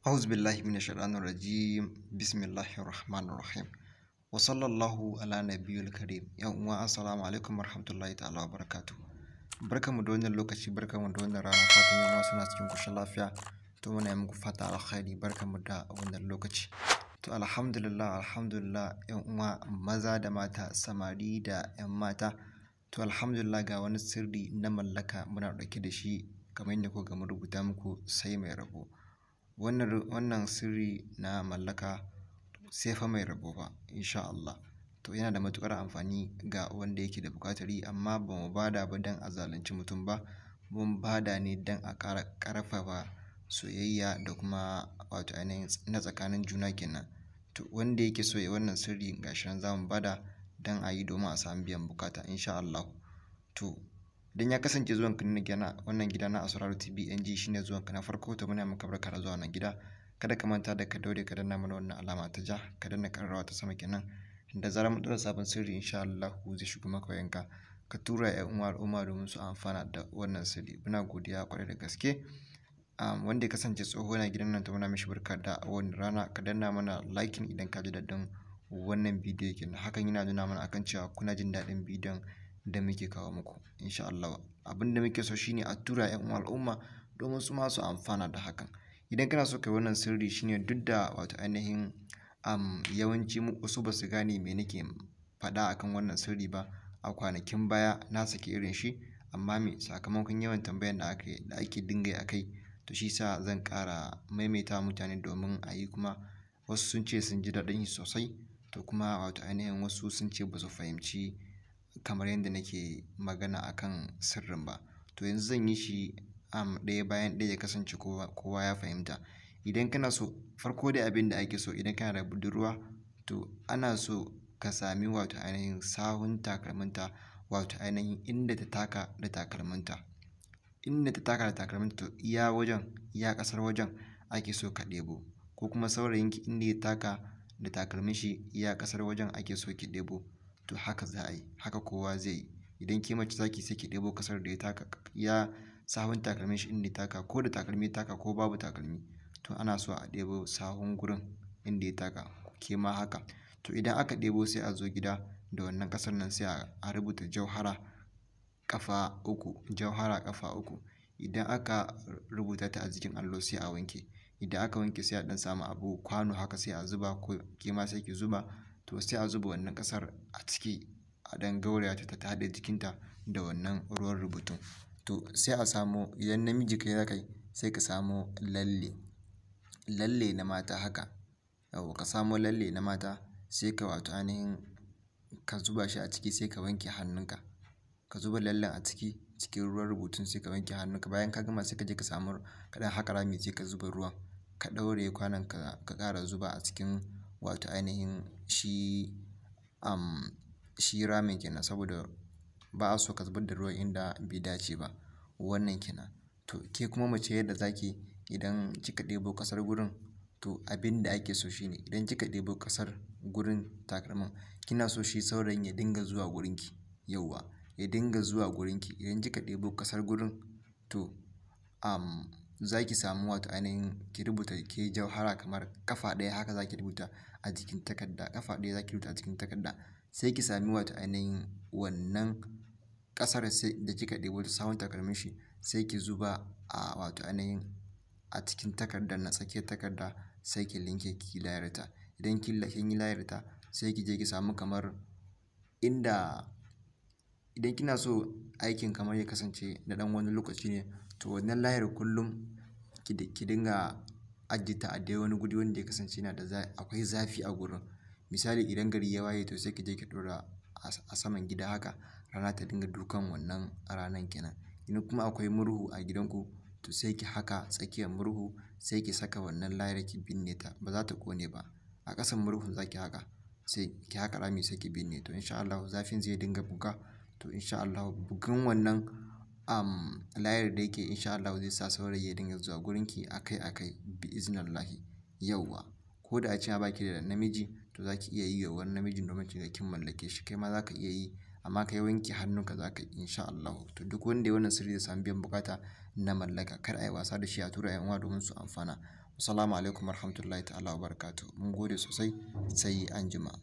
أعوذ بالله من الشيطان الرجيم بسم الله الرحمن الرحيم وصلى الله على نبي الكريم يوم السلام عليكم ورحمة الله تعالى وبركاته barkan mu da wannan lokaci barkan mu da wannan rana fatan yan wasu na cikin koshin lafiya to muna yi muku fata alkhairi barkan mu da wannan lokaci to alhamdulillah alhamdulillah yan uwa maza da mata samari da yan mata to alhamdulillah ga wani sirri na mallaka muna dauke da shi kamar yadda kuka mu rubuta muku sai mai rabo wannan sirri na mallaka sai fa mai rabo ba insha Allah to yana da matukar amfani ga wanda yake da bukatari amma ba mu bada ba don a zalunci mutum ba mun bada ne don a kara ƙarfafa soyayya da kuma wato ainihin na tsakanin juna kenan to wanda yake so ya wannan sirri ga nan zamu bada don a yi domin a samu biyan bukata insha Allah to idan ya kasance zuwan ka na wannan gida na Asraru TV NG shine zuwan ka na farko to muna maka barka da zuwa wannan gida kada ka manta da ka daure ka danna mana wannan alama ta ja ka danna karrawa ta sama kenan da zarar mun dora sabon sirri insha Allah zai shigo maka wayanka ka tura ya uwa al'umma domin su amfana da wannan sirri muna godiya kwarai da gaske um, wanda ya kasance tsoho na gidan nan ta muna mishi barka da wannan rana ka danna mana liking idan ka ji daɗin wannan bidiyo kenan hakan yana nuna mana akan cewa kuna jin daɗin bidiyon da muke kawo muku insha Allah abin muke so shine a tura ƴan al'umma domin su ma amfana da hakan idan kana so kai wannan sirri shine duk da wato ainihin um, yawanci wasu ba su gane me nake faɗa akan wannan sirri ba a kwanakin baya na saki irin shi amma me sakamakon yawan tambayan da ake da ake dinga a kai to shi sa zan kara maimaita mutane domin a yi kuma wasu sun ce sun ji daɗin sosai to kuma wato ainihin wasu sun ce ba su fahimci kamar yadda nake magana a kan sirrin ba. To yanzu zan yi shi am um, ɗaya bayan ɗaya ya kasance kowa ya fahimta. Idan kana so farko dai abin da ake so idan kana da budurwa to ana so ka sami wato ainihin sahun takalminta wato ainihin inda ta taka da takalminta. Inda ta taka da takalminta to iya wajen iya ƙasar wajen ake so ka ɗebo ko kuma saurayinki inda ya taka da takalmin shi iya ƙasar wajen ake so ki ɗebo. to haka za a yi haka kowa zai yi idan ke mace zaki sai ki ɗebo ƙasar da ya taka ya sahun takalmin shi inda ya taka ko da takalmi ya taka ko babu takalmi to ana so a ɗebo sahun gurin inda ya taka ke ma haka to idan aka ɗebo sai a zo gida da wannan kasar nan sai a rubuta jauhara kafa uku jauhara kafa uku idan aka rubuta ta a jikin allo sai a wanke idan aka wanke sai a ɗan samu abu kwano haka sai a zuba ko ke ma sai ki zuba to sai a zuba wannan ƙasar a ciki a dan gauraya ta ta haɗe jikinta da wannan ruwan rubutun to sai a samo idan namiji kai za kai sai ka samo lalle lalle na mata haka yau ka samo lalle na mata sai ka wato ainihin ka zuba shi a ciki sai ka wanke hannunka ka zuba lallen a ciki cikin ruwan rubutun sai ka wanke hannunka bayan ka gama sai ka je ka samu Kada ɗan haƙa rami sai ka zuba ruwan ka ɗaure kwanan ka ƙara zuba a cikin wato ainihin shi, um, shi ramin kenan saboda ba a so ka zubar da ruwa inda bai dace ba. Wannan kenan. To ke kuma mace yadda zaki ki idan kika ɗebo ƙasar gurin to abin da ake so shine idan kika ɗebo ƙasar gurin takalmin kina so shi sauran ya dinga zuwa gurinki yauwa, ya dinga zuwa gurinki. Idan kika ɗebo ƙasar gurin to, za ki samu wato ainihin ki rubuta ke jauhara kamar kafa ɗaya haka za ki rubuta a jikin takarda kafa ɗaya za ki rubuta a jikin takarda sai ki sami wato ainihin wannan ƙasar da kika ɗebo ta sawun takalmin shi sai ki zuba a wato ainihin a cikin takarda na tsakiya takarda sai ki linke ki layarta idan kin yi layarta sai ki je ki samu kamar inda idan kina so aikin kamar ya kasance na ɗan wani lokaci ne To wannan layar kullum ki dinga ajiye ta a dai wani guri wanda ya kasance yana da akwai zafi a gurin. Misali idan gari ya waye to sai ki je ki ɗora a saman gida haka rana ta dinga dukan wannan ranan kenan. Idan kuma akwai murhu a gidanku to sai ki haka tsakiyar murhu sai ki saka wannan layar ki binne ta ba za ta kone ba. A kasan murhun za ki haka sai ki haka rami sai ki binne to insha Allah zafin zai dinga buga to insha Allah bugun wannan um, layar da yake insha Allah zai sa saurayi ya dinga zuwa ki akai akai bi iznillahi yawa ko da a ce ba baki da namiji to zaki iya yi wa namijin domin ki ga kin mallake shi kai ma zaka iya yi amma kai wanke hannu ka zaka insha Allah to duk wanda ya wannan sirri zai samu biyan bukata na mallaka kar a yi wasa da shi a tura yan uwa domin su amfana assalamu alaikum warahmatullahi ta'ala wabarakatuh mun gode sosai sai an jima